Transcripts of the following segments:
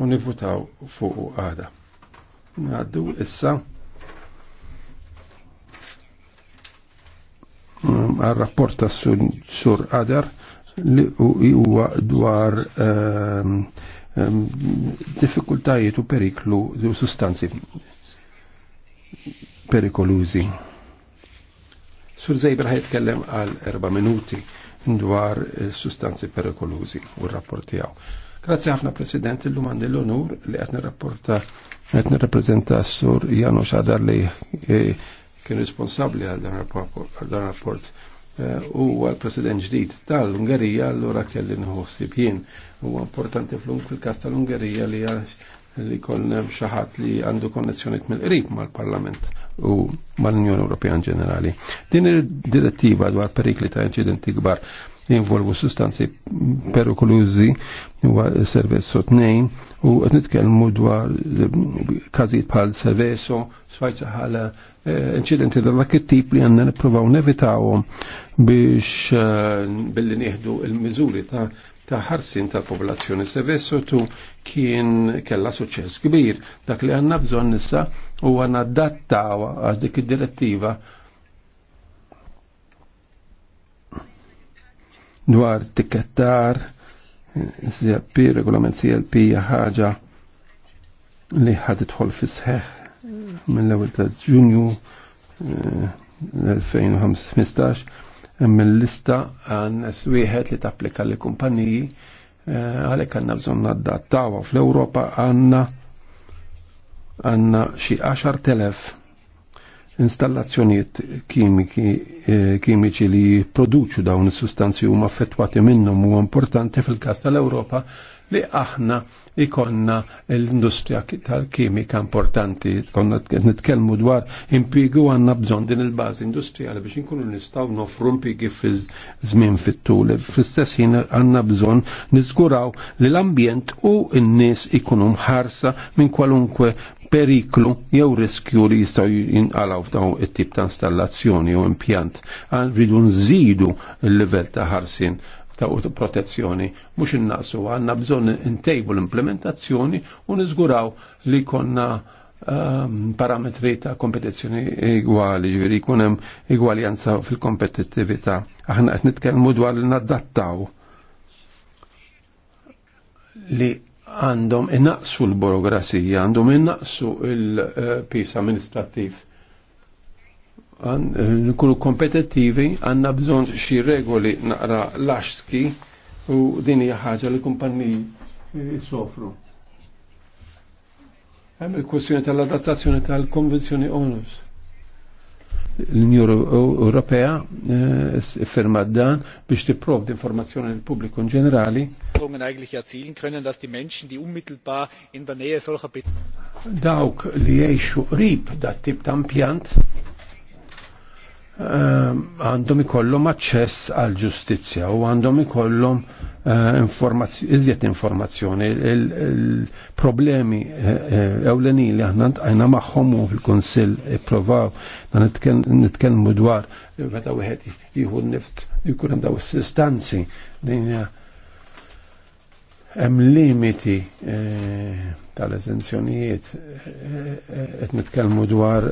u nivutaw fuq u għada. Naddu issa għal-rapport ta' sur għadar li huwa dwar um, um, diffikultajiet u periklu u sustanzi perikolużi. Sur Zejber kellem għal erba' minuti dwar eh, sustanzi perikolużi u rapport Grazie ħafna President, il-lum għandi l-onur li qed rapporta, qed rapprezenta s-sur Janu Xadar li e, kien responsabli għal dan rapport e, u għal president ġdid tal-Ungerija l allura kelli nħossib jien. Huwa importanti fil kas tal-Ungerija li li kollna xaħat li għandu konnezzjoniet mill-qrib mal-Parlament u mal-Unjoni Ewropea in ġenerali. Din ir-direttiva dwar perikli ta' inċidenti gbar jinvolvu sustanzi perikolużi huwa t tnejn u qed nitkellmu dwar eh, każijiet bħal servezzo, svajza ħala eh, incidenti ta' dak tip li għandna nippruvaw nevitawhom biex eh, billi nieħdu il-miżuri ta' ta' ħarsin tal-popolazzjoni servezzo tu kien kella suċċess kbir. Dak li għanna bżon nissa u għanna dattawa għal dik id-direttiva dwar tikettar, CLP, regolament CLP ħaġa li ħad idħol fis seħħ mill-ewwel ta' Ġunju eh, 2015 hemm il-lista għan wieħed li tapplika li kumpaniji eh, għalhekk għandna bżonn naddattawa fl-Ewropa għandna għandna xi 10,000 installazzjonijiet eh, kimiċi li jipproduċu dawn is-sustanzi huma affettwati minnhom huwa importanti fil-każ tal-Ewropa li aħna ikonna l-industrija tal-kimika importanti, konna nitkellmu dwar impiegu għanna bżon din il-bazi industrijali biex nkunu nistaw nofru impiegi fil-żmien fit-tul. Fl-istess ħin għanna bżon nizguraw li l-ambjent u n-nies ikunu mħarsa minn kwalunkwe periklu jew riskju li jistaw jinqalaw f'dawn it-tip ta' installazzjoni u impjant. Għan rridu nżidu l-level ta' ħarsin ta' protezzjoni. Mux innaqsu, għanna bżon intejbu l-implementazzjoni u nizguraw li konna ehm, parametri ta' kompetizzjoni igwali, ġviri kunem igwaljanza fil kompetitivita Aħna qed nitkellmu dwar li naddattaw li għandhom innaqsu l-burokrasija, għandhom innaqsu il-pis eh, amministrativ Eh, nkunu kompetittivi għanna bżon xi regoli naqra laxski u din hija ħaġa li kumpanniji eh, soffru. Hemm il-kwestjoni tal-adattazzjoni tal-Konvenzjoni ONUS. L-Unjoni Ewropea eh, firma dan biex d informazzjoni lill pubbliku in ġenerali. Dawk li jgħixu qrib dat tip ta' impjant Eh, għandhom ikollhom aċċess għal ġustizzja u għandhom ikollhom eh, iżjed informazzjoni il-problemi eh, ewlenin li aħna għajna magħhom u fil-Kunsill ippruvaw nitkellmu dwar meta wieħed jieħu nift jkun hemm daw is-sistanzi din Hemm limiti eh, tal-eżenzjonijiet eh, eh, qed nitkellmu dwar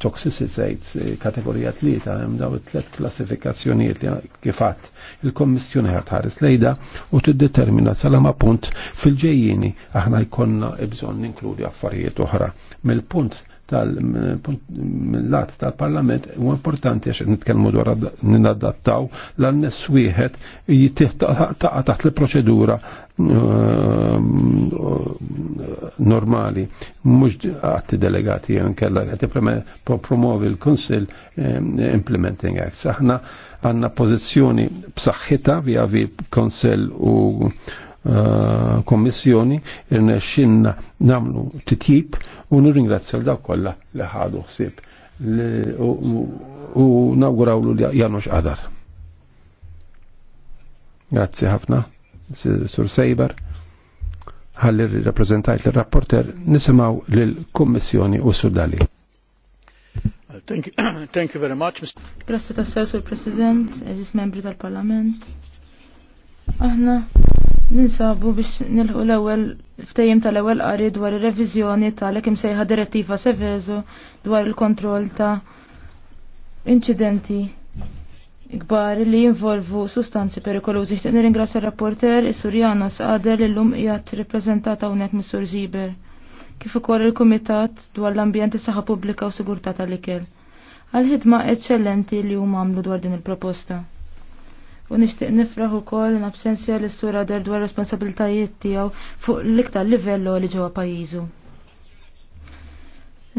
toxicitajt kategorija tlieta hemm daw it-tlet klassifikazzjonijiet li kifatt il-Kommissjoni ħares lejda u tiddetermina salama punt fil-ġejjini aħna jkollna bżonn ninkludi affarijiet oħra. Mill-punt tal-lat tal-parlament u importanti għax nitkellmu dwar nadattaw l-annes wieħed taqa' taħt il-proċedura eh, normali mhux għatti delegati kella qed promuovi l-Kunsill eh, Implementing Acts. Aħna għandna pożizzjoni b'saħħitha via vi Konsell u Eh, kommissjoni n-nexxinna namlu titjib u nirringrazzja l dawk kollha li ħadu ħsieb u nawgurawlu li janux qadar. Grazzi ħafna, Sur Sejber. Ħalli rappresentajt l-rapporter nisimaw lill-Kummissjoni u Sudali. Thank you, thank you very much. Grazie tassew, Sur President, eżis membri tal-Parlament. Aħna Ninsabu biex nilħu l-ewwel ftejjem tal-ewwel qari dwar ir-reviżjoni tal kemm imsejħa direttiva Seveso dwar il-kontroll ta' inċidenti kbar li jinvolvu sustanzi perikolużi. Xtieq nirringrazzja r-rapporter is-Surjana Sqader li llum qiegħed rippreżentata hawnhekk mis-Sur Ziber kif ukoll il-Kumitat dwar l-Ambjent is-Saħħa Pubblika u Sigurtà tal-Ikel. Għal ħidma eċċellenti li huma għamlu dwar din il-proposta u nixtieq nifraħ ukoll in absenzja l istura der dwar responsabiltajiet tiegħu fuq l-iktar livell li ġewwa pajjiżu.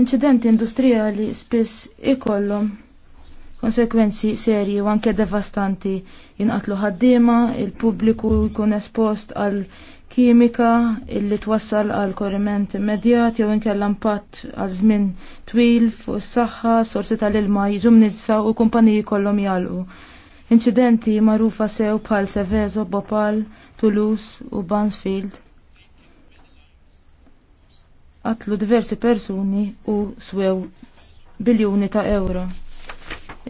Inċidenti industrijali spiss ikollhom konsekwenzi serji u anke devastanti jinqatlu ħaddiema, il-pubbliku jkun espost għal kimika illi twassal għal korriment immedjat jew inkella impatt għal żmien twil fuq is-saħħa, sorsi tal-ilma jiġu mnitsa u kumpaniji kollhom jalqu. Inċidenti magħrufa sew bħal Seveso, Bopal, Toulouse u Bansfield qatlu diversi persuni u swew biljuni ta' euro.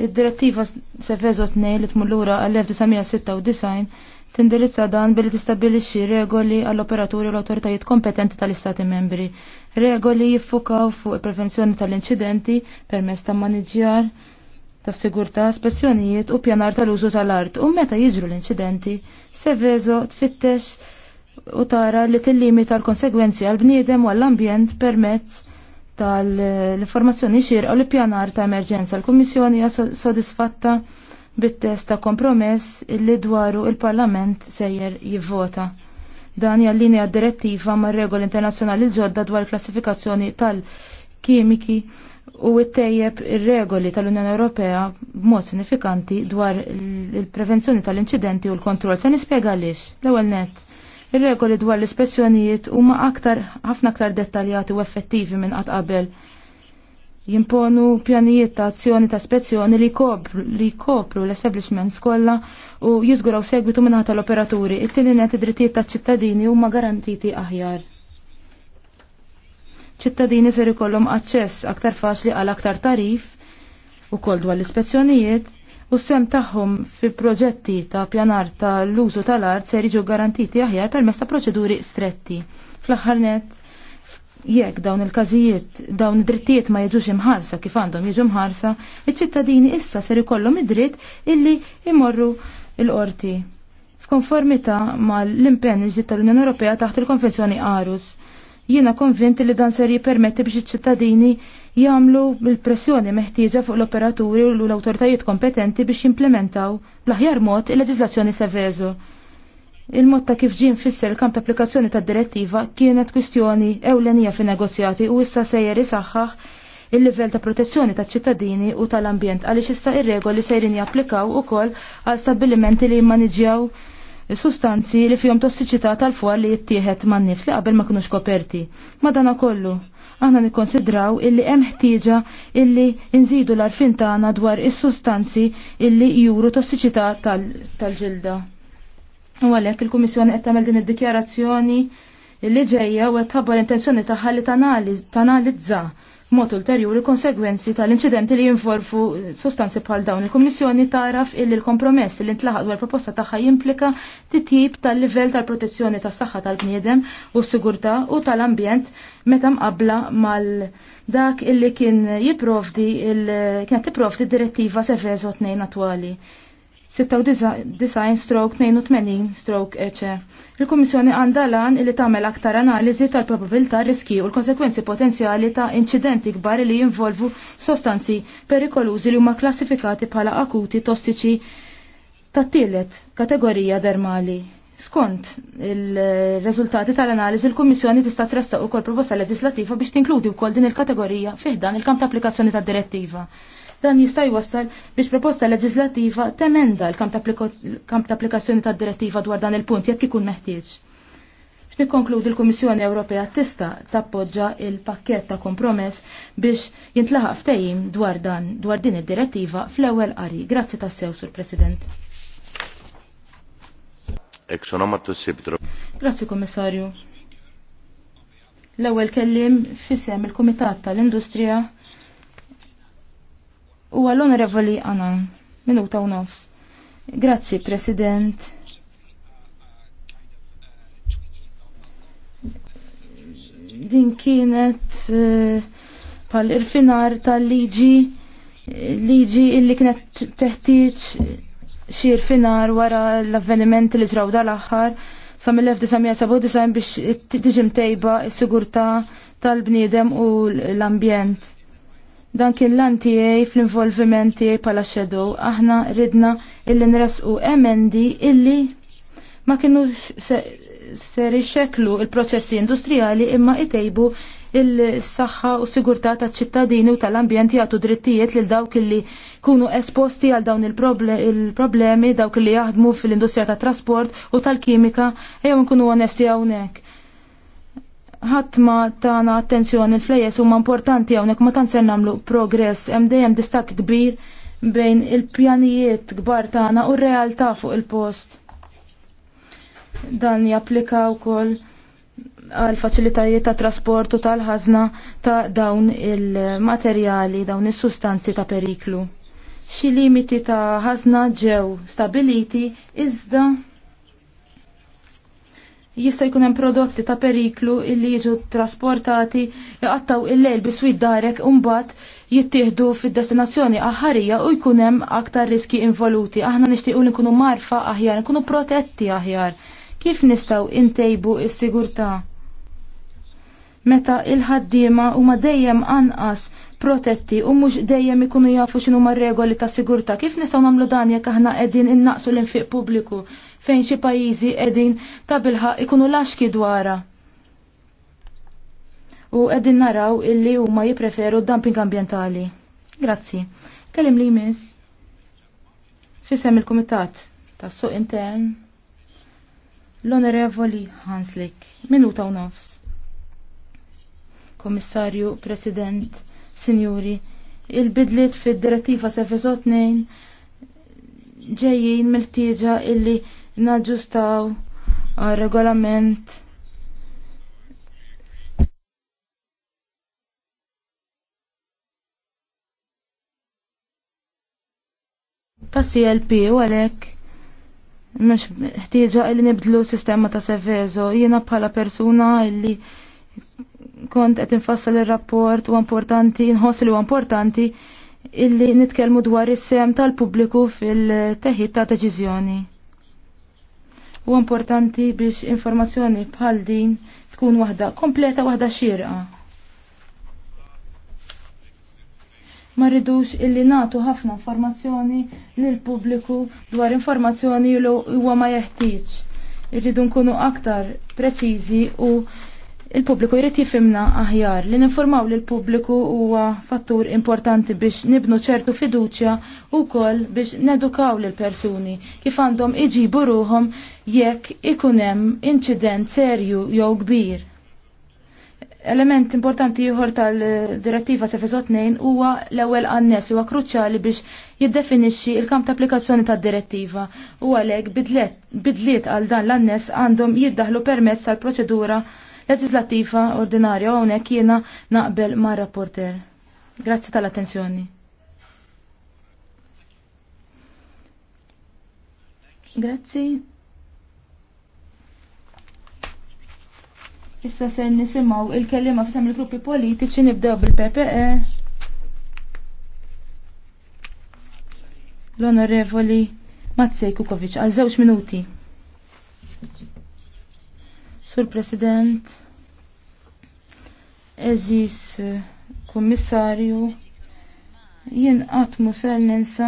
Id-direttiva Seveso 2 li tmullura għall-1996 tindirizza dan billi tistabilixxi regoli għall-operaturi u l-autoritajiet kompetenti tal-Istati membri. Regoli jiffukaw fuq il-prevenzjoni tal-inċidenti permess ta' maniġjar tas sigurtà spezzjonijiet u pjanar tal-użu tal-art u meta jiġru l-inċidenti, Seveso tfittex u tara li tillimita l-konsegwenzi għal-bniedem u għall-ambjent permezz tal-informazzjoni xir u l-pjanar ta' emerġenza. L-Kummissjoni hija sodisfatta bit-test ta' kompromess illi dwaru il-Parlament sejjer jivvota. Dan jallinja direttiva mar regoli internazzjonali ġodda dwar klassifikazzjoni tal-kimiki u ittejjeb ir-regoli tal-Unjoni Ewropea b'mod sinifikanti dwar il-prevenzjoni tal-inċidenti u l-kontroll. Se nispjega għaliex. L-ewwel nett, ir-regoli dwar l-ispessjonijiet huma aktar ħafna aktar dettaljati u effettivi minn qatt qabel. Jimponu pjanijiet ta' azzjoni ta' spezzjoni li kopru, li kopru l-establishments kollha u jiżguraw segwitu minn tal-operaturi. It-tieni net id-drittijiet taċ-ċittadini huma garantiti aħjar ċittadini ser ikollhom aċċess aktar faċli għal aktar tarif u koll dwar l-ispezzjonijiet u sem tagħhom fi proġetti ta' pjanar ta' l-użu tal-art ser jiġu garantiti aħjar permezz ta' proċeduri stretti. Fl-aħħar net, jekk dawn il-każijiet, dawn id-drittijiet ma jiġux imħarsa kif għandhom jiġu mħarsa, iċ-ċittadini issa ser ikollhom id-dritt illi imorru l-qorti f'konformità mal l-impenn tal-Unjoni Ewropea taħt il-Konvenzjoni Arus Jiena konvinti li dan ser jippermetti biex iċ-ċittadini jagħmlu bil-pressjoni meħtieġa fuq l-operaturi u l-awtoritajiet kompetenti biex jimplementaw bl-aħjar mod il-leġislazzjoni sevezu. Il-mod ta' kif ġie fisser kamp ta' applikazzjoni tad direttiva kienet kwistjoni ewlenija fin negozjati u issa sejjer isaħħaħ il-livell ta' protezzjoni ta' ċittadini u tal-ambjent għaliex issa ir-regoli sejrin japplikaw ukoll għal stabbilimenti li jimmaniġjaw sustanzi li fihom tossiċità tal-fuqar li jittieħet man-nifs li qabel ma kunux koperti. Madana kollu, aħna nikkonsidraw illi hemm ħtieġa illi nżidu l-arfin tagħna dwar is-sustanzi illi juru tossiċità tal-ġilda. U għalhekk il-Kummissjoni qed tagħmel din id-dikjarazzjoni illi ġejja u qed tħabbar intenzjoni tagħha li tanalizza mod ulterjuri konsegwenzi tal-inċidenti li jinforfu sostanzi bħal dawn. Il-Kummissjoni taraf illi l-kompromess li ntlaħaq dwar proposta tagħha jimplika titjib tal-livell tal-protezzjoni tas-saħħa tal-bniedem u s-sigurtà u tal-ambjent meta mqabla mal dak illi kien jipprovdi il kienet tipprovdi direttiva Seveso tnejn attwali. 96 stroke 82 stroke eċe. Il-Kummissjoni għandha lan li tagħmel aktar analiżi tal-probabilità riski u l-konsekwenzi potenzjali ta' inċidenti kbar li jinvolvu sostanzi perikolużi li huma klassifikati bħala akuti tossiċi tat-tielet kategorija dermali. Skont il-reżultati tal-analiżi l-Kummissjoni tista' tresta ukoll proposta leġislativa biex tinkludi wkoll din il-kategorija fih dan il-kamp ta' applikazzjoni tad-direttiva. Dan jista' jwassal biex proposta leġislattiva temenda l-kamp ta' applikazzjoni tad direttiva dwar dan il-punt jekk ikun meħtieġ. Nikkonkludi l-Kummissjoni Ewropea tista tappoġġa il-pakket ta' kompromess biex jintlaħaq ftehim dwar dan dwar din id-direttiva fl-ewwel qari. Grazzi tassew sur President. Grazzi Kummissarju. L-ewwel kellim fisem il-Kumitat tal-Industrija u għallon onorevoli għana minuta u nofs. Grazzi, President. Din kienet uh, pal irfinar tal-liġi liġi illi kienet teħtieġ xi irfinar wara l-avvenimenti li ġraw dal-aħħar sa mill-1997 biex t-tiġim tejba s-sigurtà tal-bniedem u l-ambjent Dan kien lan tiegħi fl-involviment tiegħi bħala shadow, aħna ridna illi nresqu emendi illi ma kienu ser ixxeklu il-proċessi industrijali imma itejbu il-saħħa u sigurtà taċ ċittadini u tal-ambjent jagħtu drittijiet lil dawk li kunu esposti għal dawn il-problemi dawk li jaħdmu fil-industrija tat trasport u tal-kimika jew nkunu onesti hawnhekk ħatma tana attenzjoni l-flejes huma importanti hawnhekk ma tantx nagħmlu progress hemm dejjem distak kbir bejn il-pjanijiet kbar tagħna u r-realtà fuq il-post. Dan japplika wkoll għal faċilitajiet ta' trasportu tal ħazna ta' dawn il-materjali, dawn is-sustanzi ta' periklu. Xi limiti ta' ħazna ġew stabiliti iżda jista' jkun hemm prodotti ta' periklu illi jiġu trasportati jaqattaw il-lejl biswid darek u mbagħad jittieħdu fid-destinazzjoni aħħarija u jkun hemm aktar riski involuti. Aħna nixtiequ li nkunu marfa aħjar, nkunu protetti aħjar. Kif nistgħu intejbu s-sigurtà? Meta il-ħaddiema huma dejjem anqas protetti u mhux dejjem ikunu jafu x'inhu mar-regoli ta' sigurtà. Kif nistgħu nagħmlu dan jekk aħna qegħdin innaqsu l-infiq pubbliku fejn xi pajjiżi qegħdin ta' bilħaq ikunu laxki dwara. U qegħdin naraw illi huma jippreferu d-dumping ambjentali. Grazzi. Kellim li jmiss. Fisem il-Kumitat tas-Suq Intern l-Onorevoli Hanslik. Minuta u nofs. Komissarju, President, Signori, Il-bidliet fid-direttiva Sefiso 2 ġejjin mil ħtieġa illi naġġustaw regolament ta' CLP u għalek mux ħtieġa illi nibdlu sistema ta' sefezo jiena bħala persuna illi kont qed infassal ir-rapport u importanti, nħoss li huwa importanti illi nitkellmu dwar is-sem tal-pubbliku fil-teħid ta' deċiżjoni. U importanti biex informazzjoni bħal din tkun waħda kompleta waħda xirqa. Ma rridux illi natu ħafna informazzjoni lil pubbliku dwar informazzjoni li huwa ma jeħtieġ. Irridu nkunu aktar preċiżi u il-pubbliku jrid jifimna aħjar li ninformaw li l-pubbliku huwa fattur importanti biex nibnu ċertu fiduċja u kol biex nedukaw l persuni kif għandhom iġibu ruhom jekk ikunem inċident serju jew kbir. Element importanti ieħor tal-direttiva se 2 huwa l-ewwel annes huwa kruċjali biex jiddefinixxi il-kamp ta' applikazzjoni tad-direttiva u għalhekk bidliet għal dan l-annes għandhom jiddaħlu permezz tal-proċedura leġislattiva ordinarja u hawnhekk jiena naqbel ma' rapporter. Grazzi tal-attenzjoni. Grazzi. Issa se nisimaw il-kellima fisem il-gruppi politiċi nibdew bil-PPE. L-onorevoli Matsej Kukovic, għal żewġ minuti. Sur President, eżis Kommissarju, jien għatmu ser ninsa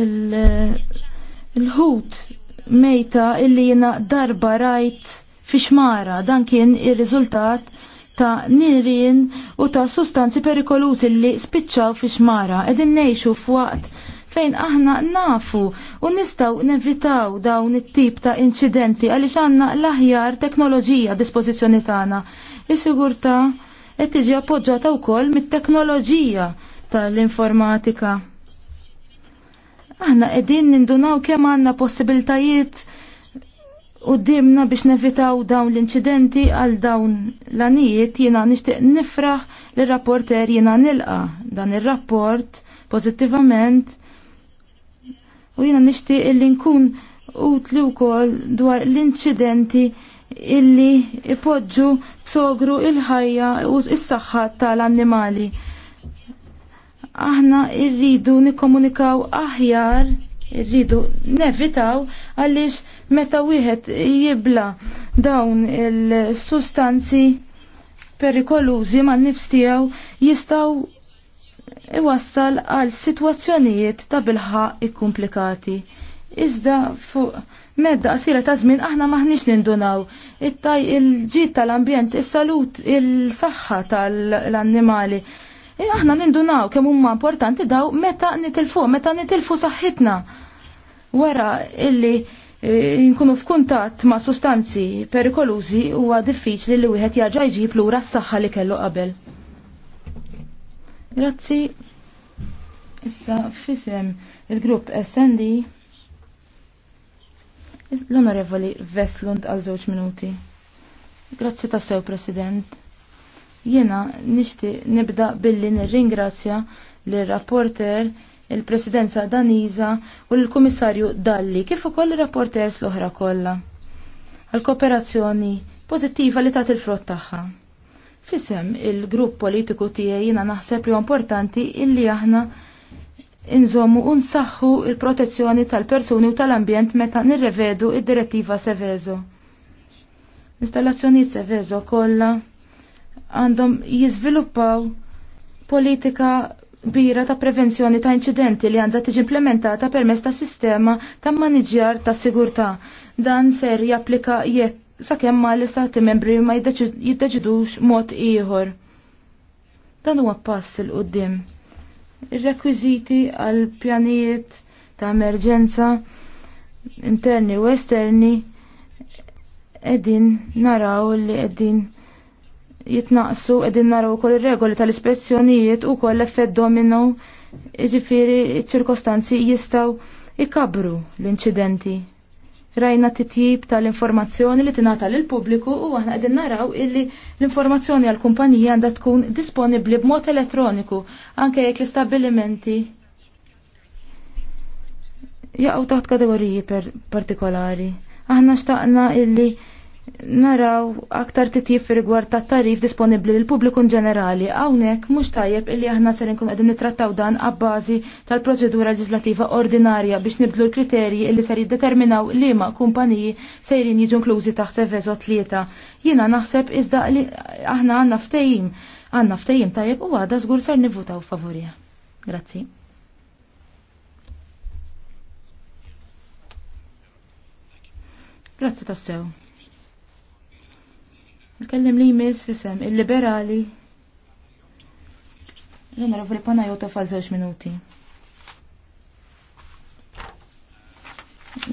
il-ħut il mejta illi jena darba rajt fi xmara dan kien ir-riżultat ta' nirien u ta' sustanzi perikolużi li spiċċaw fi xmara edin nejxu f'waqt fejn aħna nafu u nistaw nevitaw dawn it-tip ta' incidenti għaliex għandna l-aħjar teknoloġija dispożizzjoni tagħna. Is-sigurtà qed tiġi appoġġjata wkoll mit-teknoloġija tal-informatika. Aħna qegħdin nindunaw kemm għandna possibiltajiet Uddimna biex nevitaw dawn l-inċidenti għal dawn l-anijiet jina nishtiq nifraħ l-rapporter jina nilqa dan il-rapport pozittivament u jina nishtiq illi nkun utli wkoll dwar l-inċidenti illi ipoġġu sogru il-ħajja u s-saħħa tal-annimali. Aħna irridu nikkomunikaw aħjar, irridu nevitaw għaliex meta wieħed jibla dawn il-sustanzi perikolużi ma' nifstijaw tiegħu jistgħu iwassal għal sitwazzjonijiet ta' bilħa ikkumplikati. Iżda fuq medda qasira ta' żmien aħna maħniex nindunaw. Ittaj il-ġid tal-ambjent, is-salut, il-saħħa tal-annimali. E, aħna nindunaw kemm huma importanti daw meta nitilfu, meta nitilfu saħħitna. Wara illi e, nkunu f'kuntatt ma' sustanzi perikolużi huwa diffiċli li wieħed jaġa jġib lura s-saħħa li kellu qabel. Grazzi. Issa fisem il-grupp SND l-onorevoli Veslund għal żewġ minuti. Grazzi tassew, President. Jena nixti nibda billi nirringrazzja l-rapporter il-presidenza Daniza u l-komissarju Dalli kif ukoll ir-rapporters l-oħra kollha. Għal kooperazzjoni pożittiva li tat il-frott tagħha. Fisem il-grupp politiku tiegħi jiena naħseb li importanti illi aħna inżommu u nsaħħu il-protezzjoni tal-persuni u tal-ambjent meta nirrevedu id-direttiva Seveso. l installazzjoni Seveso kollha għandhom jiżviluppaw politika kbira ta' prevenzjoni ta' inċidenti li għandha tiġi implementata permezz ta' sistema ta' maniġjar ta' sigurtà. Dan ser japplika jekk sakemm ma l-istati membri ma jiddeċidux mod ieħor. Dan huwa pass il qudiem Ir-rekwiżiti għal pjanijiet ta' emerġenza interni u esterni qegħdin naraw li qegħdin jitnaqsu qegħdin naraw ukoll ir-regoli tal-ispezzjonijiet u koll effett domino ġifiri ċirkostanzi jistaw ikabru l-inċidenti rajna titjib tal-informazzjoni li tingħata lill pubbliku u aħna qegħdin naraw illi l-informazzjoni għall kumpanija għandha tkun disponibbli b'mod elettroniku anke jekk l-istabbilimenti jaqgħu taħt kategoriji partikolari. Aħna xtaqna illi naraw aktar titjib fi rigward ta' tarif disponibli lil pubbliku ġenerali hawnhekk mhux tajjeb illi aħna ser nkun qegħdin nittrattaw dan abbażi tal-proċedura leġislativa ordinarja biex nibdlu l-kriterji illi ser jiddeterminaw liema kumpaniji sejrin jiġu nklużi taħseb sevezo tlieta. Jiena naħseb iżda li aħna għandna ftehim għandna ftehim tajjeb u għadha żgur ser nivvutaw favorija. Grazzi. Grazzi tassew. Nitkellem li jmiss fisem il-liberali. li onorevoli jota fa' żewġ minuti.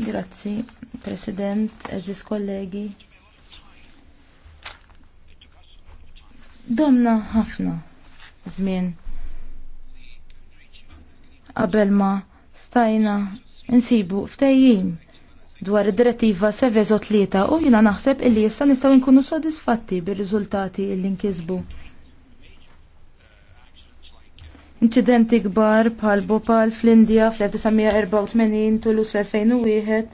Grazzi, President, eżis kollegi. Domna ħafna żmien qabel ma stajna insibu ftejjim dwar id-direttiva Sevezo tlieta u jina naħseb illi issa nistgħu nkunu sodisfatti bir-riżultati li nkisbu. Inċidenti kbar bħal Bhopal fl-Indja fl-1984 Tulus fl-2001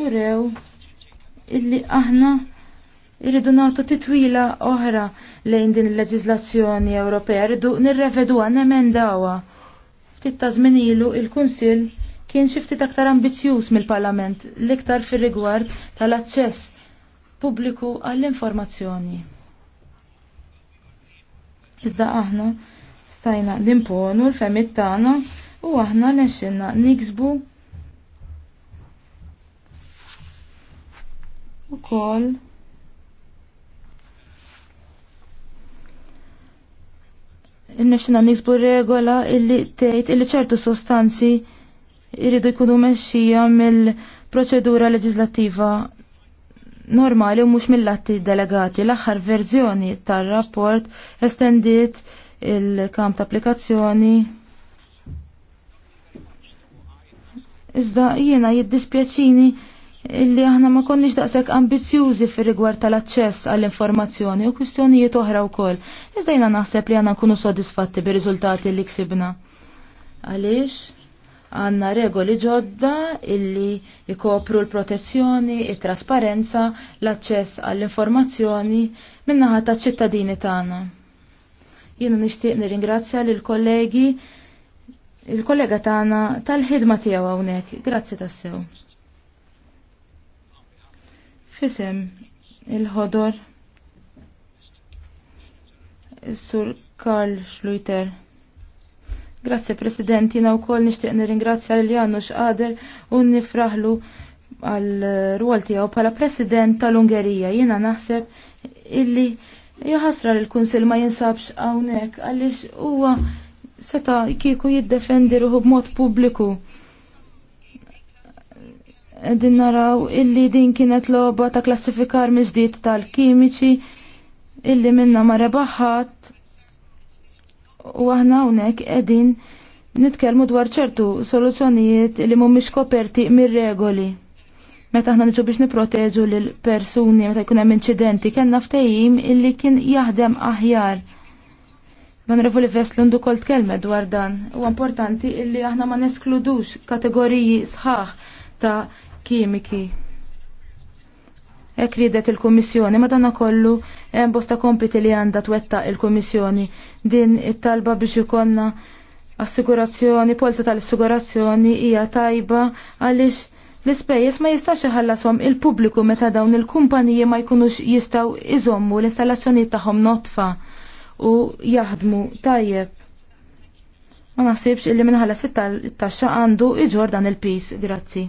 u rew illi aħna irridu nagħtu titwila oħra lejn din il-leġiżlazzjoni Ewropea, irridu nirrevedu għan emendawa. Ftit ta' ilu il-Kunsill kien xifti aktar ambizjuż mill-Parlament l-iktar fir-rigward tal-aċċess pubbliku għall-informazzjoni. Iżda aħna stajna l-imponu l femmit tagħna u aħna nexxinna niksbu ukoll Nexxina niksbu regola illi tgħid illi ċertu sostanzi jridu jkunu mexxija mill-proċedura leġislattiva normali u mhux mill-atti delegati. L-aħħar verżjoni tar-rapport estendiet il-kamp ta' applikazzjoni. Iżda jiena jiddispjaċini illi aħna ma konniex daqshekk ambizzjużi fir rigward tal-aċċess għall-informazzjoni u kwistjonijiet oħra wkoll. Iżda jiena naħseb li għandna nkunu sodisfatti bir-riżultati li ksibna. Għaliex? għanna regoli ġodda illi jikopru l-protezzjoni, il-trasparenza, l-aċċess għall-informazzjoni minnaħa ta' ċittadini tagħna. Jiena nixtieq nirringrazzja lil kollegi il-kollega tagħna tal-ħidma tiegħu hawnhekk. Grazzi tassew. Fisem il-ħodor is-sur Karl Schluiter. Grazzi President, jina u koll nishtiq nir-ingrazzja li għannu xqader u nifraħlu għal rwol tijaw pala President tal-Ungerija. Jina naħseb illi jħasra li l-Kunsil ma jinsabx għawnek għalix huwa seta kieku jiddefendi ruħu b'mod pubbliku. Din naraw illi din kienet loba ta' klassifikar miġdiet tal-kimiċi illi minna ma rebaħħat u aħna hawnhekk qegħdin nitkellmu dwar ċertu soluzzjonijiet li mhumiex koperti mir-regoli meta aħna niġu biex niproteġu lil persuni meta jkun hemm inċidenti kellna ftehim illi kien jaħdem aħjar. li onorevoli Vestlund kol tkellmet dwar dan. Huwa importanti illi aħna ma neskludux kategoriji sħaħ ta' kimiki. Hekk ridet il-Kummissjoni ma dan kollu hemm bosta kompiti li għandha twetta il-Kummissjoni din it-talba biex ikonna assigurazzjoni, polza tal-assigurazzjoni hija tajba għaliex l-ispejjeż ma jistax iħallasom il-pubbliku meta dawn il-kumpaniji ma jkunux jistgħu iżommu l-installazzjonijiet tagħhom notfa u jaħdmu tajjeb. Ma naħsibx illi minħalla it-taxxa għandu iġordan dan il-pis, grazzi.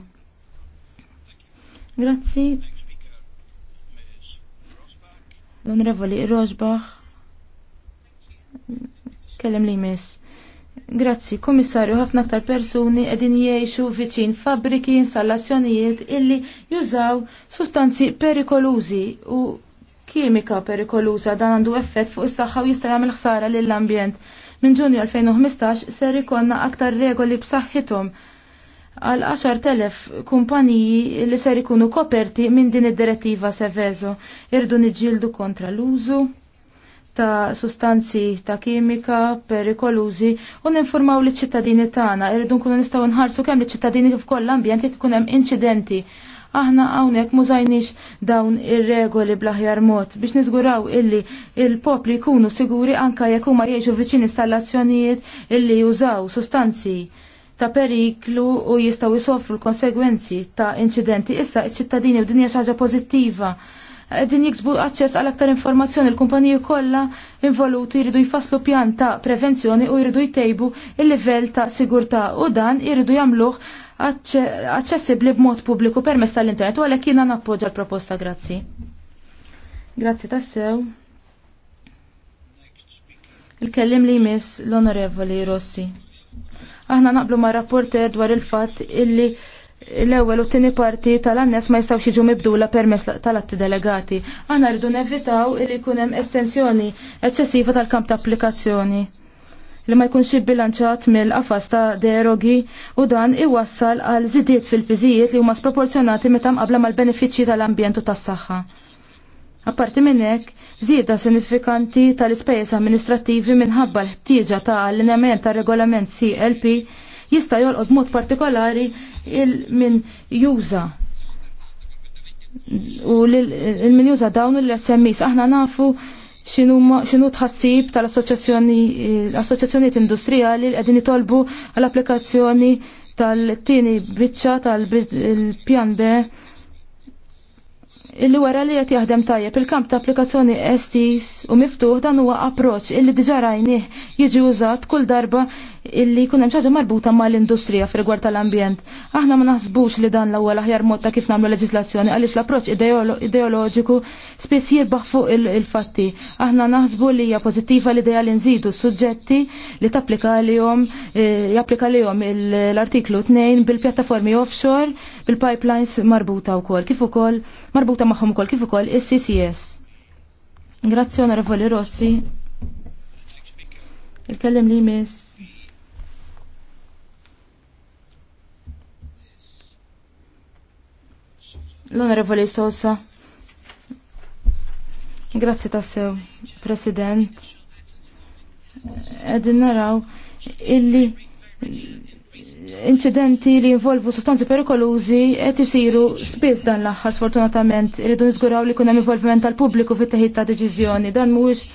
Grazzi, l-Onorevoli Rosbach, kellem li mis. Grazzi, komissarju, ħafna aktar persuni edin jiexu viċin fabbriki, installazzjonijiet illi jużaw sustanzi perikolużi u kimika perikoluża dan għandu effett fuq is-saħħa u jista' jagħmel ħsara lill-ambjent. Minn Ġunju 2015 ser ikonna aktar regoli b'saħħithom għal 10.000 kumpaniji li ser ikunu koperti minn din id-direttiva Seveso. Irdu nġildu kontra l-użu ta' sustanzi ta' kimika perikolużi u ninformaw li ċittadini tagħna irridu nkunu nistgħu nħarsu kemm li ċittadini f'koll l-ambjent jekk ikun hemm inċidenti. Aħna hawnhekk mużajniex dawn ir-regoli bl-aħjar mod biex niżguraw illi il-popli jkunu siguri anke jekk huma jgħixu viċini installazzjonijiet illi jużaw sustanzi ta' periklu u jistaw jisofru l-konsegwenzi ta' incidenti. Issa iċ-ċittadini u dinja xaġa pozittiva. Din jiksbu aċċess għal aktar informazzjoni l-kumpaniji kollha involuti jridu jfasslu pjan ta' prevenzjoni u jridu jtejbu il-livell ta' sigurtà u dan jridu jagħmluh aċċessibbli b'mod pubbliku permezz tal-internet u għalhekk jina nappoġġa l-proposta grazzi. Grazzi tassew. Il-kellim li jmiss l-Onorevoli Rossi. Aħna naqblu ma' rapporter dwar il-fatt illi l-ewwel u t tini parti tal-annes ma jistgħux jiġu mibdula permess tal-atti delegati. Aħna rridu nevitaw illi jkun hemm estensjoni eccessiva tal-kamp ta' applikazzjoni li ma jkunx bilanċat mill-qafas ta' derogi u dan iwassal għal zidiet fil-piżijiet li huma sproporzjonati meta mqabla mal-benefiċċji tal-ambjent u tas-saħħa. Apparti minn hekk, żieda sinifikanti tal-ispejjeż amministrattivi minħabba l-ħtieġa ta' allineament ta' regolament CLP jista' jolqod mod partikolari l-min juża u l-min juża dawn l-SMIs. Aħna nafu xinu tħassib tal-assoċjazzjonijiet industrijali li qegħdin jitolbu għall-applikazzjoni tal-tieni biċċa tal-pjan B illi wara li qed jaħdem tajjeb il-kamp ta' applikazzjoni STs u miftuħ dan huwa approċċ illi diġà rajnih jiġi użat kull darba illi jkun hemm ħaġa marbuta mal-industrija f'rigward tal-ambjent. Aħna ma naħsbux li dan l-ewwel aħjar mod ta' kif nagħmlu leġislazzjoni għaliex l-approċċ ideoloġiku spiss jirbaħ fuq il-fatti. Aħna naħsbu li hija pożittiva l-idea li nżidu suġġetti li tapplika lihom eh, jom l-artiklu 2 bil-pjattaformi offshore bil-pipelines marbuta wkoll kif ukoll marbuta magħhom ukoll kif ukoll is-CCS. Grazzi onorevoli Rossi. Il-kellem li jmiss. L-Onorevoli Sosa. Grazzi tassew, President. Għedin naraw illi incidenti li involvu sostanzi perikolużi qed isiru spiss dan l-aħħar sfortunatament irridu niżguraw li kun hemm involviment tal-pubbliku fit-teħid ta' deċiżjoni. Dan mhuwiex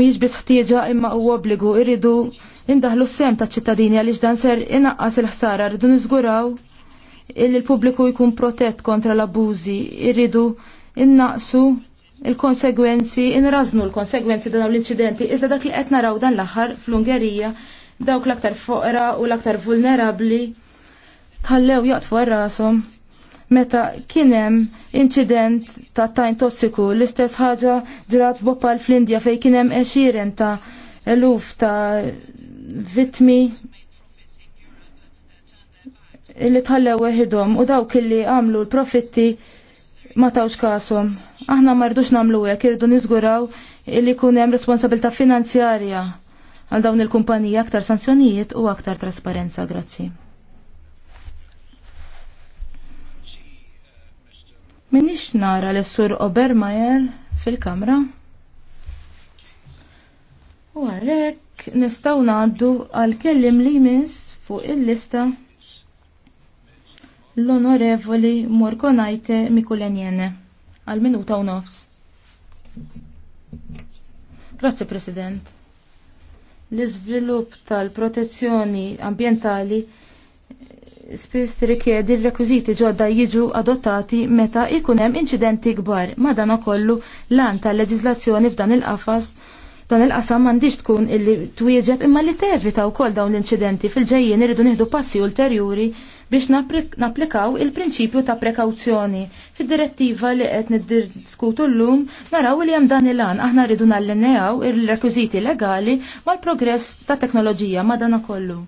mhix biss ħtieġa imma u obbligu irridu indaħlu s-sem ta' ċittadini għaliex dan ser inaqqas il-ħsara rridu niżguraw il-pubbliku jkun protett kontra l-abużi, irridu innaqsu il-konsegwenzi, inraznu l-konsegwenzi dan l-inċidenti, iżda dak li qed naraw dan l-aħħar fl-Ungerija, dawk l-aktar foqra u l-aktar vulnerabli tħallew jaqtfu rasom meta kienem incident ta' tajn tossiku l-istess ħaġa ġrat f'bopal fl-Indja fej kienem eċiren ta' eluf ta' vitmi li tħallew weħidhom u dawk li għamlu l-profitti ma tawx kasom. Aħna mardux rridux nagħmlu hekk, irridu niżguraw li jkun hemm responsabilità finanzjarja għal dawn il-kumpanija aktar sanzjonijiet u aktar trasparenza, grazzi. Minnix nara l sur Obermajer fil-kamra. U għalek nistaw naddu għal kellim li jmiss fuq il-lista l-onorevoli Morkonajte Mikulenjene. Għal minuta u nofs. Grazie, President. L-izvilup tal-protezzjoni ambientali spiss rikjedi r-rekwiziti ġodda jiġu adottati meta ikunem hemm gbar kbar. Madana kollu lan tal leġizlazzjoni f'dan il-qafas dan il-qasam m'għandix tkun illi twieġeb imma li tevita wkoll dawn l-inċidenti fil-ġejjien irridu nieħdu passi ulterjuri biex napplikaw il-prinċipju ta' prekawzjoni. Fid-direttiva li qed niddiskutu llum naraw li hemm dan il-an aħna rridu nallinejaw ir-rekwiżiti legali mal-progress ta' teknoloġija madana kollu.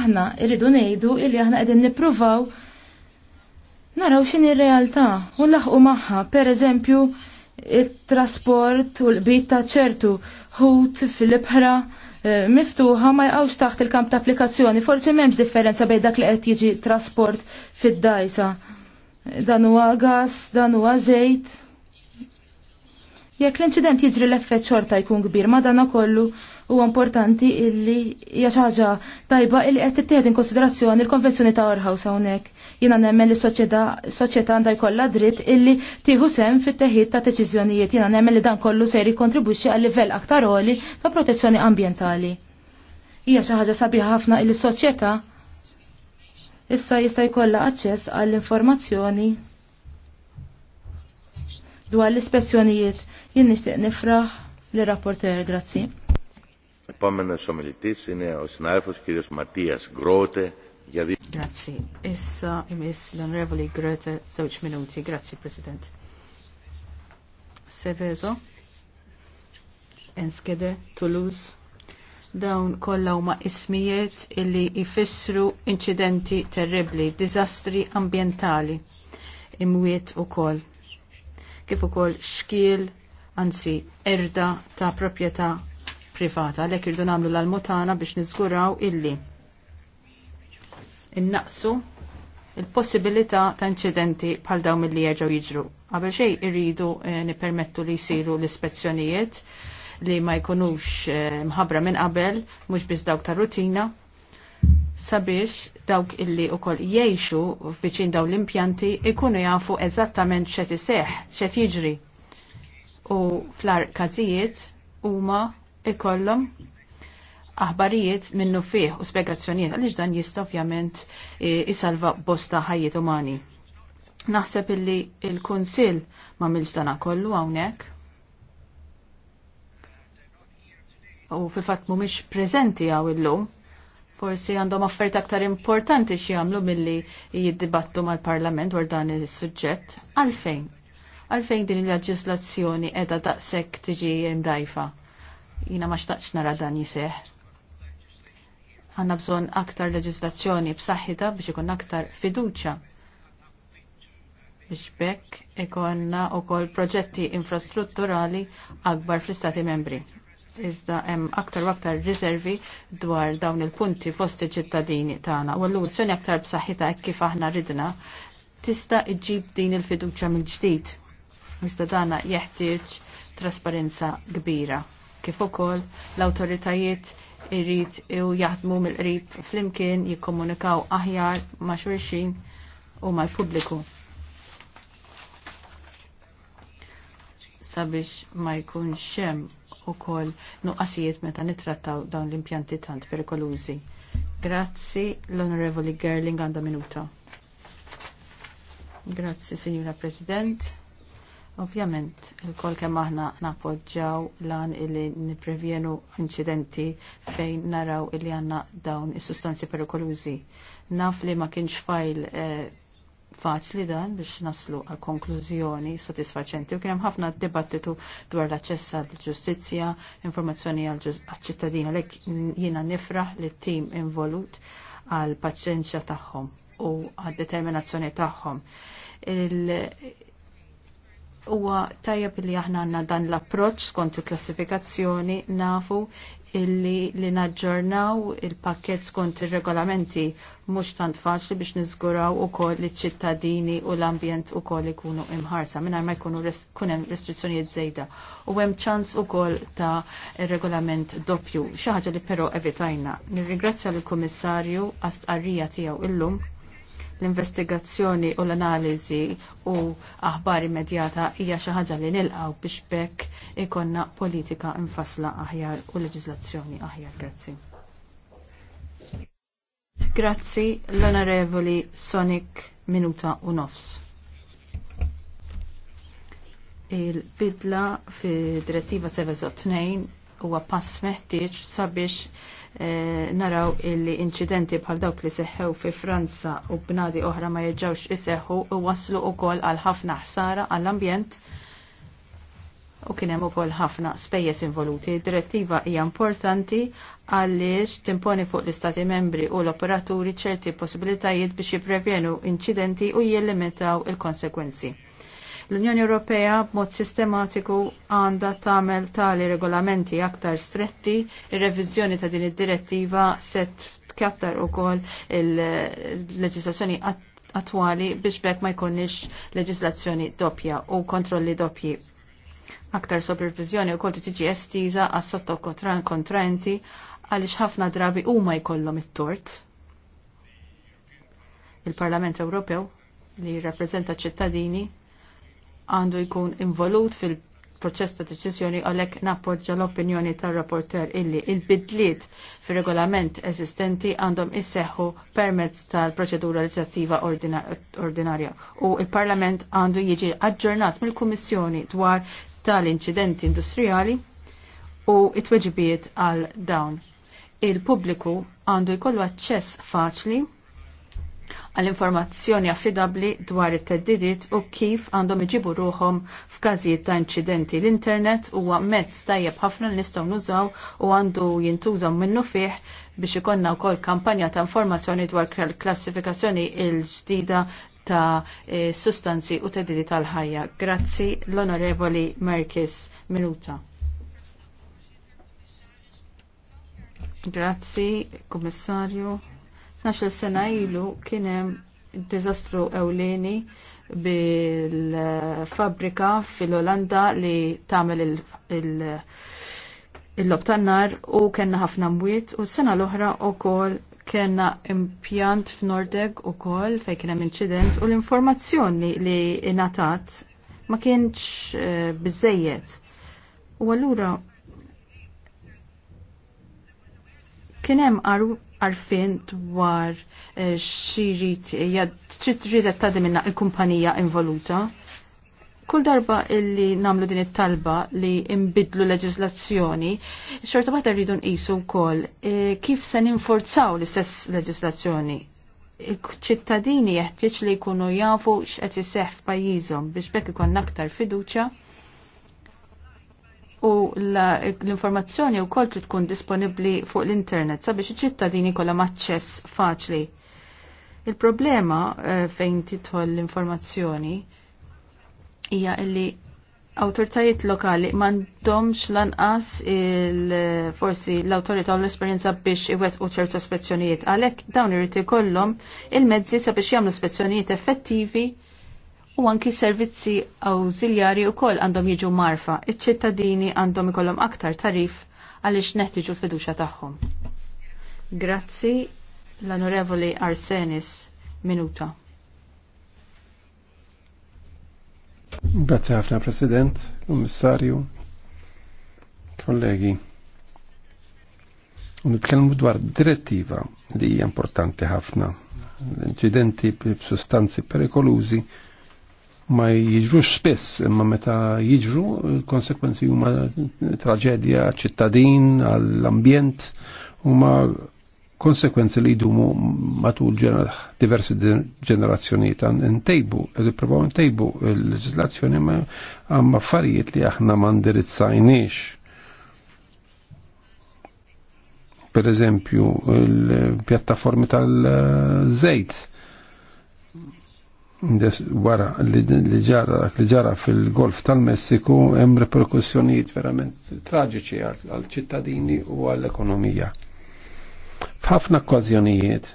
Aħna rridu ngħidu li aħna qegħdin nippruvaw naraw x'inhi realtà u nlaħqu magħha, pereżempju it-trasport u l-bit ta' ċertu ħut fil-ibħra Eh, miftuħa ma jgħawx taħt il-kamp ta' applikazzjoni, forsi m'hemmx differenza bejn dak li qed jiġi trasport fid-dajsa. Dan huwa gas, dan huwa żejt. Jekk l-inċident jiġri l-effett xorta jkun kbir, ma dan kollu huwa importanti illi hija xi ħaġa tajba illi qed tittieħed in konsiderazzjoni l-Konvenzjoni ta' Orhaus hawnhekk. Jiena nemmen li soċjetà għandha jkollha dritt illi tieħu sem fit-teħid ta' deċiżjonijiet. Jiena nemmen li dan kollu se jikkontribwixxi għal livell aktar għoli ta' protezzjoni ambjentali. Hija xi ħaġa sabiħa ħafna illi soċjetà issa jista' jkollha aċċess għall-informazzjoni dwar l-ispezzjonijiet jien nixtieq nifraħ l rapporter grazzi. Επόμενος ομιλητής είναι ο συνάδελφος κύριος Ματίας Γκρότε για Grazie. Issa imis l-Onorevoli Grete, zewċ minuti. Grazie, President. Seveso, Enskede, Toulouse, dawn kollha huma ismijiet illi jfissru inċidenti terribli, diżastri ambjentali, imwiet ukoll. Kif ukoll xkiel, anzi erda ta' proprjetà privata lek irdu namlu l-almutana biex niżguraw illi innaqsu il-possibilità ta' inċidenti bħal dawn illi jeġaw jiġru. Qabel xejn irridu eh, nippermettu li jsiru l-ispezzjonijiet li ma jkunux eh, mħabra minn qabel, mhux biss dawk ta' rutina, sabiex dawk illi wkoll jgħixu viċin dawn l-impjanti ikunu jafu eżattament x'qed iseħħ, x'qed jiġri. U fl-ar u huma ikollhom aħbarijiet minnu fih u spiegazzjonijiet għaliex dan jista' ovvjament e, isalva bosta ħajjiet umani. Naħseb illi il-Kunsill ma milx dan kollu hawnhekk. U fil-fatt mhumiex preżenti hawn illum forsi għandhom affarijiet aktar importanti xi jagħmlu milli jiddibattu mal-Parlament dwar dan is-suġġett. Għalfejn? Għalfejn din il-leġislazzjoni qiegħda daqshekk tiġi mdajfa? Jina ma xtaqx nara dan jiseħ. Għanna bżon aktar leġislazzjoni b'saħħita biex ikun aktar fiduċa biex bekk ikonna u kol proġetti infrastrutturali akbar fl-istati membri iżda hemm aktar u aktar riservi dwar dawn il-punti fost iċ-ċittadini tagħna. U l-luzzjoni aktar bsaħħita hekk kif aħna ridna tista' iġġib din il-fiduċja mill-ġdid. Iżda dana jeħtieġ trasparenza kbira kif ukoll l-awtoritajiet irrid u jaħdmu mill-qrib flimkien jikkomunikaw aħjar ma' xulxin u mal-pubbliku. Sabiex ma jkunx hemm ukoll nuqqasijiet meta nitrattaw dawn l-impjanti tant perikolużi. Grazzi l-Onorevoli Gerling għanda minuta. Grazzi, Signora President. Ovvjament, il-kol kemm aħna napoġġaw lan illi niprevjenu incidenti fejn naraw illi għanna dawn is sustanzi perikolużi. Naf li ma kienx fajl eh, faċli dan biex naslu għal konklużjoni satisfaċenti u kien hemm ħafna dibattitu dwar l-aċċess għall ġustizzja, informazzjoni għal ċittadina lek jiena nifraħ li tim involut għal paċenzja tagħhom u għad determinazzjoni tagħhom huwa tajjeb li aħna għandna dan l-approċċ skont il-klassifikazzjoni nafu illi li naġġornaw il-pakket skont ir-regolamenti mhux tant faċli biex niżguraw ukoll iċ-ċittadini u l-ambjent ukoll ikunu imħarsa mingħajr ma jkunu kunem restrizzjonijiet żejda. U hemm ċans ukoll ta' regolament doppju, xi ħaġa li però evitajna. Nirringrazzja lill kummissarju għast tqarrija tiegħu illum l-investigazzjoni u l-analiżi u aħbar immedjata hija xi ħaġa li nilqgħu biex bekk ikonna politika infassla aħjar u leġiżlazzjoni aħjar. Grazzi. Grazzi l-Onorevoli Sonic Minuta u Nofs il-bidla fi direttiva 702 huwa pass meħtieġ sabiex Eh, naraw illi inċidenti bħal dawk li seħħew fi Franza u bnadi oħra ma jirġawx iseħħu u waslu wkoll għal ħafna ħsara għall-ambjent u kien hemm ukoll ħafna spejjeż involuti. Direttiva hija importanti għaliex timponi fuq l-Istati membri u l-operaturi ċerti possibilitajiet biex jiprevjenu inċidenti u jillimitaw il-konsekwenzi. L-Unjoni Ewropea b'mod sistematiku għandha tagħmel tali regolamenti aktar stretti, ir-reviżjoni ta' din id-direttiva set tkattar ukoll il-leġislazzjoni attwali biex bekk ma jkunniex leġislazzjoni doppja u kontrolli doppji aktar supervizjoni u kol tiġi estiza għas sotto kontrenti għalix ħafna drabi u ma jkollhom it-tort. Il-Parlament Ewropew li rappresenta ċittadini għandu jkun involut fil-proċess ta' deċiżjoni għalhekk nappoġġa l-opinjoni tar-rapporter illi il-bidliet fir-regolament eżistenti għandhom isseħħu permezz tal-proċedura leġislattiva ordinarja u il-Parlament għandu jiġi aġġornat mill-Kummissjoni dwar tal-inċidenti industrijali u it-tweġibiet għal dawn. Il-pubbliku għandu jkollu aċċess faċli għall-informazzjoni affidabli dwar it-teddidiet u kif għandhom iġibu ruħom f'każijiet ta' inċidenti. L-internet huwa mezz tajjeb ħafna li nistgħu nużaw u għandu jintużaw minnu fih biex ikonna wkoll kampanja ta' informazzjoni dwar klassifikazzjoni il-ġdida ta' e, sustanzi u teddidi tal-ħajja. Grazzi l-Onorevoli Merkis Minuta. Grazzi, Kummissarju. 12 sena ilu kien hemm diżastru ewleni bil-fabrika fil-Olanda li tagħmel il-lob tan u kellna ħafna mwiet u s-sena l-oħra wkoll kena impjant f'Nordeg u kol fej kienem incident u l-informazzjoni li inatat ma kienx eh, bizzejiet. U għallura kienem għarfin dwar eh, xirit trid tadi minna il-kumpanija involuta. Kull darba illi namlu din it-talba li imbidlu leġislazzjoni, xorta waħda rridu nqisu wkoll eh, kif se ninforzaw l-istess leġislazzjoni il-ċittadini jeħtieġ li jkunu jafu x'qed iseħħ f'pajjiżhom biex bekk ikun aktar fiduċja u l-informazzjoni wkoll trid tkun disponibbli fuq l-internet sabiex iċ-ċittadini kollha aċċess faċli. Il-problema eh, fejn titħol l-informazzjoni hija li Awtoritajiet lokali m'għandhomx lanqas forsi l awtorità u l esperjenza biex iwettqu ċertu ispezzjonijiet. Għalhekk dawn irid ikollhom il-mezzi sabiex jagħmlu ispezzjonijiet effettivi u anki servizzi awżiljarji wkoll għandhom jiġu marfa. Iċ-ċittadini għandhom ikollhom aktar tarif għaliex neħtiġu l-fiduċja tagħhom. Grazzi l-Onorevoli Arsenis minuta. Grazzi ħafna President, Kommissarju, kollegi. Nitkellmu dwar direttiva li hija importanti ħafna. L-inċidenti b'sustanzi perikolużi ma jiġrux spiss, imma meta jiġru, konsekwenzi huma traġedja ċittadin, għall-ambjent, huma konsekwenzi li jdumu matul diversi ġenerazzjonijiet ntejbu, il-probaw ntejbu il-leġislazzjoni ma għamma affarijiet li aħna ma ndirizzajniex. Per eżempju, il-pjattaformi tal-żejt wara li ġara li ġara fil-Golf tal-Messiku hemm reperkussjonijiet verament traġiċi għal ċittadini u għall ekonomija F'ħafna okkażjonijiet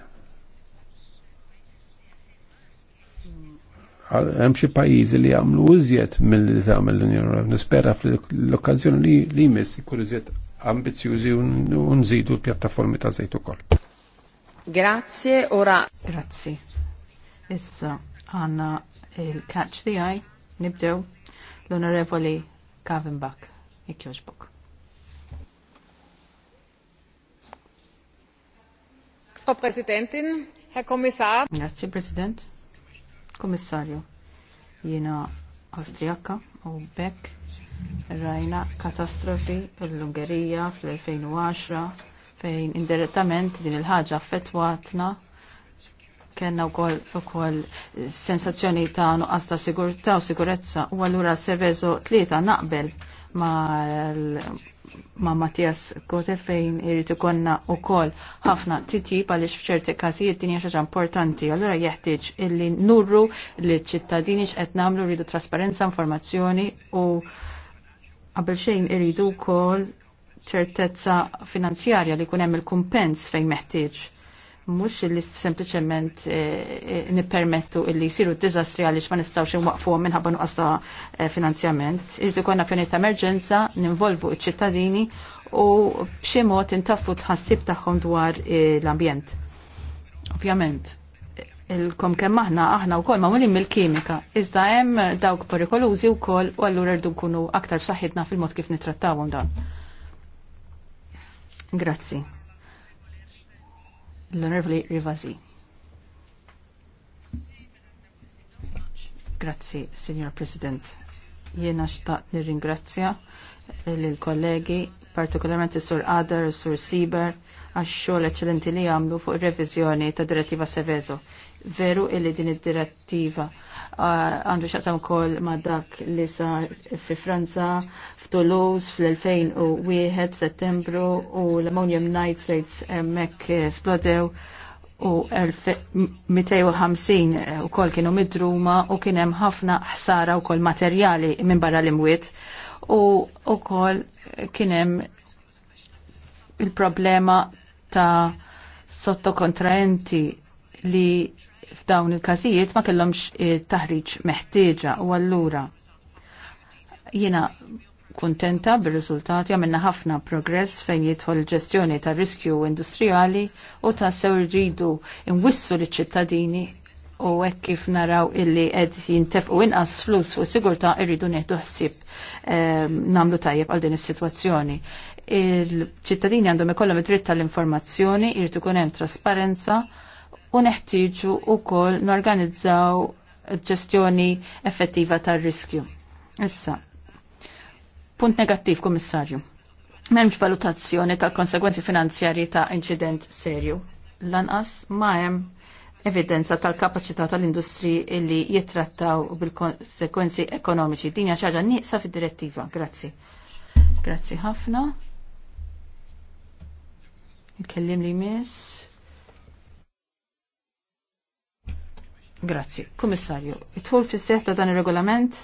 hemm xi pajjiżi li jagħmlu iżjed milli tagħmel l-Unjoni Ewropea. Nispera fl-okkażjoni li jmiss ikun iżjed ambizjużi u nżidu l-pjattaformi ta' żejt ukoll. Grazie, ora. Grazie. Issa għanna il-catch the eye. Nibdew l-onorevoli Kevin Bach. buk. Frau Präsidentin, Herr Kommissar. Grazie, President. Kommissarju, jena Austriaka u Beck rajna katastrofi l-Ungerija fl-2010 fejn indirettament din il-ħagġa affettwatna kena u kol, u kol sensazzjoni ta' nuqqas ta' sigurta u sigurezza u għallura Sevezo tlieta naqbel ma' ma' Mattias Kote fejn irrit ikonna u kol ħafna titi għalix fċerti kazijiet dinja xaġa importanti għallura jeħtieġ illi nurru li ċittadini x'qed namlu rridu trasparenza informazzjoni u qabel xejn irridu kol ċertezza finanzjarja li kunem il-kumpens fejn meħtieġ mux li sempliciment eh, eh, nipermettu illi jisiru dizastri għalix ma nistawx waqfu minħabba nuqqas eh, finanzjament. Irridu konna pjani emerġenza, ninvolvu il ċittadini u b'xi mod intaffu tħassib tagħhom dwar l-ambjent. Ovvjament, il-kom kemm aħna aħna wkoll ma' mulim mil kimika iżda hemm dawk perikolużi wkoll u allura rridu nkunu aktar saħħitna fil-mod kif nittrattawhom dan. Grazzi l-Onorevoli Rivasi. Grazie, Signor President. Jiena xtaqt nirringrazzja l kollegi partikolarment s sur Adar, s sur Siber, għax xogħol eċċellenti li għamlu fuq ir-reviżjoni ta' direttiva Seveso. Veru illi din id-direttiva għandu xaqsam kol ma' dak li sar fi Franza, f'Toulouse fl-2001 settembru u l-ammonium nitrates mek splodew u 1250 u kol kienu midruma u kienem ħafna ħsara u kol materjali minn barra l-imwiet u, u kol kienem il-problema ta' sottokontraenti li f'dawn il-każijiet ma kellhomx il-taħriġ eh, meħtieġa u allura jiena kuntenta bir-riżultati għamilna ħafna progress fejn jidħol il-ġestjoni ta' riskju industrijali u ta' sew rridu nwissu liċ ċittadini u hekk kif naraw illi qed jintefqu inqas flus fuq sigurtà irridu neħdu ħsieb eh, nagħmlu tajjeb għal din is-sitwazzjoni il-ċittadini għandhom ikollhom id-dritt tal-informazzjoni, irid ikun hemm trasparenza u neħtieġu wkoll norganizzaw ġestjoni effettiva tar-riskju. Issa, punt negattiv, Kummissarju. M'hemmx valutazzjoni tal-konsegwenzi finanzjarji ta' inċident serju. Lanqas ma hemm evidenza tal-kapacità tal-industri li jittrattaw bil-konsekwenzi ekonomiċi. Dinja ċaġa nieqsa fid-direttiva. Grazzi. Grazzi ħafna il li mis. Grazzi. Komissarju, it-tħol fis seħta dan il-regolament?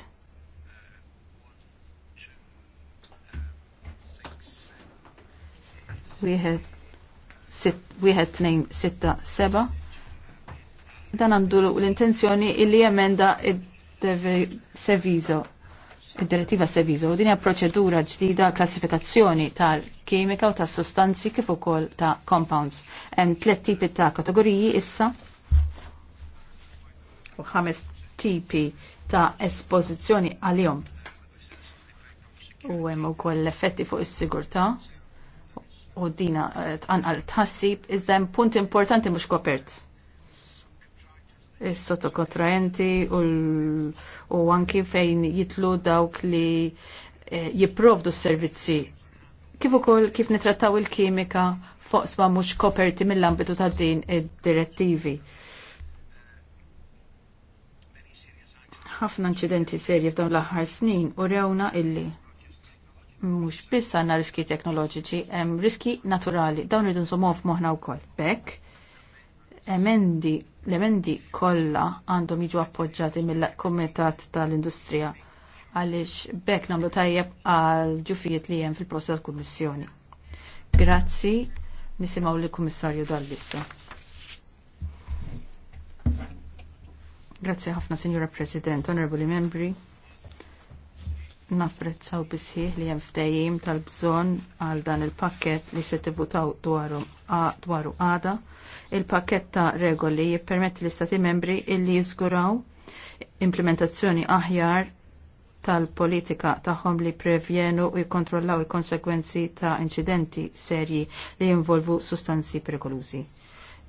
Wieħed wieħed tnejn sitta seba. Dan għandu l-intenzjoni illi jemenda id-devi sevizo id-direttiva Seviso u dinja proċedura ġdida klassifikazzjoni tal-kimika u tal sostanzi kif ukoll ta' compounds. Hemm tliet tipi ta' kategoriji issa u ħames tipi ta' espożizzjoni għalihom. U hemm ukoll l-effetti fuq is-sigurtà u dina eh, tqanqal tħassib iżda hemm punt importanti mhux kopert is-sottokontraenti u anki fejn jitlu dawk li eh, jipprovdu s-servizzi. Kif ukoll kif nitrattaw il-kimika foqsma mhux koperti mill-ambitu ta' din id-direttivi. ħafna inċidenti serji f'dawn l-aħħar snin u rewna illi mhux biss għandna riski teknoloġiċi, hemm riski naturali, dawn irid nsomhom f'moħħna wkoll. Bekk, emendi l-emendi kollha għandhom jiġu appoġġjati mill-Kumitat tal-Industrija għaliex bekk nagħmlu tajjeb għal ġufijiet li hemm fil-proċess tal-Kummissjoni. Grazzi, nisimgħu lill kummissarju dal-lissa. Grazzi ħafna, Signora President, Honorable Membri. Napprezzaw bisħiħ li hemm ftehim tal-bżonn għal dan il-pakket li se t-votaw dwaru għada. Il-paketta regoli jippermetti l-Istati membri illi jiżguraw implementazzjoni aħjar tal-politika tagħhom li prevjenu u jikkontrollaw il-konsekwenzi ta' inċidenti serji li jinvolvu sustanzi perikolużi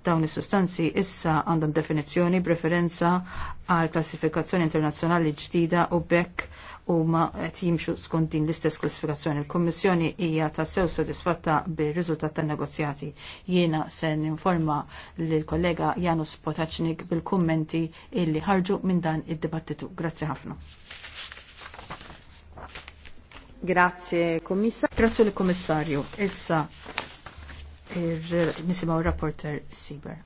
dawn is-sustanzi issa għandhom definizzjoni preferenza għal klassifikazzjoni internazzjonali ġdida u bekk huma qed jimxu skont din l-istess klassifikazzjoni. Il-Kummissjoni hija ta' sew sodisfatta bir-riżultat tan-negozjati. Jiena se ninforma lil kollega Janus Potacnik bil-kummenti illi ħarġu minn dan id-dibattitu. Grazzi ħafna. Grazie Kommissar. Grazie l kommissarju Issa nisimaw rapporter Sieber.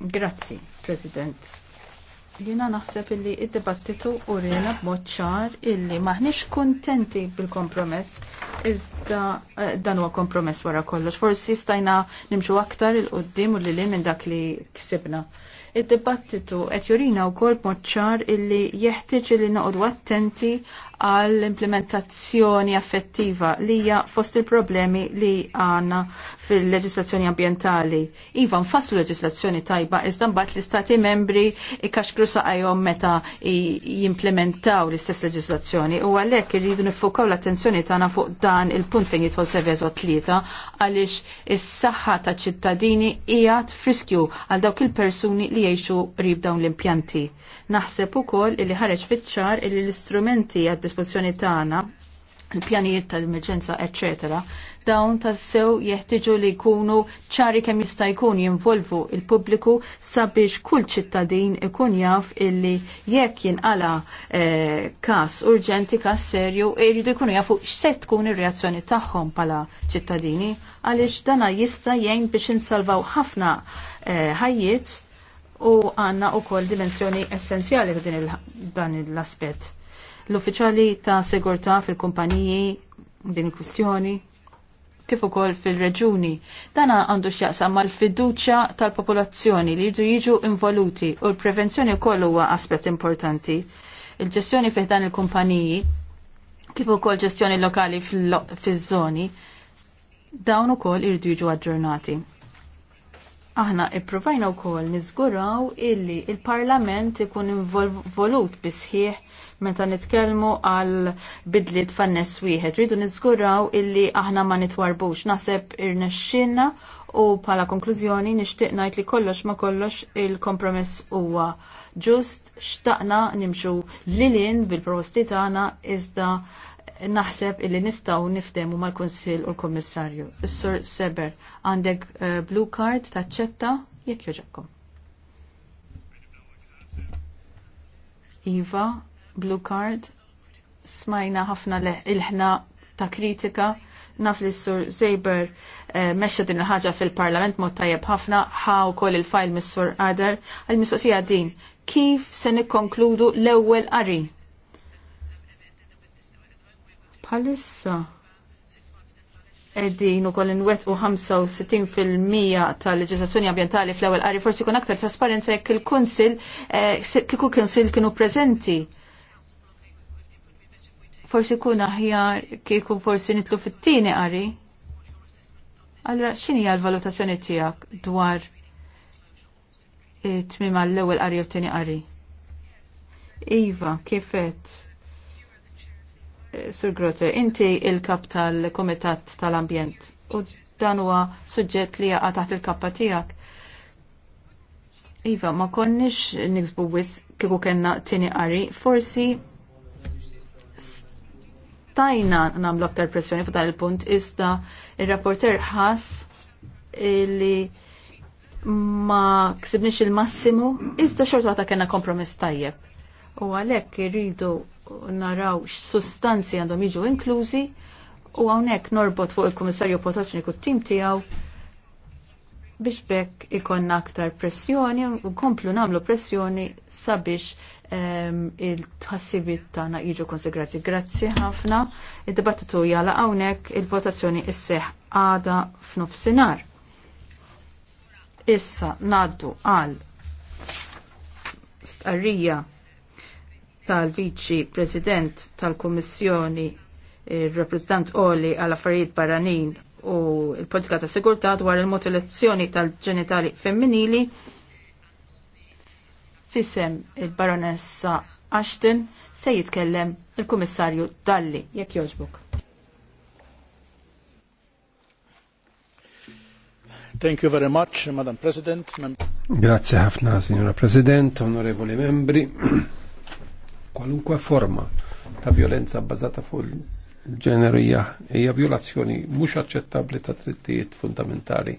Grazzi, President jina naħseb illi id-dibattitu u rina b'mod ċar illi maħniex kontenti bil-kompromess, iżda eh, dan huwa kompromess wara kollox. Forsi stajna nimxu aktar il-qoddim u li li minn dak li ksibna. Id-dibattitu qed jurina wkoll mod ċar illi jeħtieġ illi noqogħdu attenti għall implementazzjoni affettiva li hija fost il-problemi li għandna fil-leġislazzjoni ambjentali. Iva nfasslu leġislazzjoni tajba iżda mbagħad l-istati membri ikaxkru saqajhom meta jimplementaw l-istess leġislazzjoni u għalhekk irridu nifukaw l-attenzjoni tagħna fuq dan il-punt fejn jidħol servjeż tlieta għaliex is-saħħa taċ ċittadini hija friskju għal dawk il-persuni li jgħixu qrib dawn l-impjanti. Naħseb ukoll li ħareġ fiċ-ċar li l-istrumenti għad dispożizzjoni tagħna l pjanijiet tal-emerġenza, etc. Dawn tassew jeħtiġu li jkunu ċari kemm jista' jkun jinvolvu il-pubbliku sabiex kull ċittadin ikun jaf illi jekk jinqala eh, urġenti, każ serju, jridu jkunu jafu x'se tkun ir-reazzjoni tagħhom bħala ċittadini għaliex dana jista' jgħin biex insalvaw ħafna eh, ħajjiet u għanna u kol dimensjoni essenzjali ta' dan l-aspet. L-uffiċali ta' segurta fil-kumpaniji din il-kwistjoni kif ukoll fil-reġuni. Dana għandu x'jaqsam mal-fiduċja tal-popolazzjoni li jridu jiġu involuti u l-prevenzjoni wkoll huwa aspett importanti. Il-ġestjoni fih dan il-kumpaniji kif ukoll ġestjoni lokali fiż-żoni dawn ukoll jridu jiġu aġġornati. Aħna ippruvajna wkoll niżguraw illi il-Parlament ikun involut bisħieħ meta nitkellmu għal bidliet fan nies wieħed. Ridu niżguraw illi aħna ma nitwarbux naħseb irnexxinna u bħala konklużjoni nixtieq ngħid li kollox ma kollox il-kompromess huwa ġust xtaqna nimxu lilin bil-proposti tagħna iżda naħseb illi nistaw niftemu mal-Konsil u l-Kommissarju. Is-Sur Seber, għandek uh, blue card taċċetta jekk joġobkom. Iva, blue card, smajna ħafna il-ħna ta' kritika, naf li s-Sur Zeber uh, eh, din din ħaġa fil-Parlament mod tajjeb ħafna, ħaw kol il-fajl mis-Sur Adar, għal-mistoqsija din, kif se nikkonkludu l-ewwel qari Bħalissa Eddin u kollin wet u 65% tal-leġislazzjoni ambientali fl-ewel qari forsi kun aktar trasparenza jekk il-Kunsil eh, kieku Kunsil kienu prezenti. Forsi kun aħjar kieku forsi nitlu fit-tieni qari. Allora x'inhi hija l-valutazzjoni tiegħek dwar tmim l ewwel qari u t-tieni qari? Iva, kifet Sur Grote, inti il-kap tal-Komitat tal-Ambjent u dan huwa suġġett li jaqa' taħt il-kappa tiegħek. Iva, ma konniex niksbu wis kieku kellna tieni qari, forsi stajna nagħmlu aktar pressjoni fuq dan il-punt iżda ir-rapporter ħas ħass li ma ksibniex il-massimu iżda xorta kellna kena kompromess tajjeb. U għalhekk irridu naraw sustanzi għandhom jiġu inklużi u għawnek norbot fuq il-Komissarju Potoċnik u t-tim tijaw biex bekk ikon aktar pressjoni u komplu namlu pressjoni sabiex ehm, il-tħassibit na jiġu konsegrati. Grazzi ħafna. id debattitu jala hawnhekk il-votazzjoni isseħ għada f'nofsinhar. Issa naddu għal starrija tal-Viċi President tal-Kummissjoni il-Reprezentant Oli għal affarijiet barranin u il-politika ta' sigurtà dwar il-mutilazzjoni tal-ġenitali femminili fisem il-Baronessa Ashton se jitkellem il-Kummissarju Dalli jekk joġbuk. Thank you very much, Madam President. Grazie ħafna, Signora President, onorevoli membri. Kwalunkwe forma ta' violenza bazata fuq il-ġenerija hija violazzjoni mhux aċċettabbli ta' drittijiet fundamentali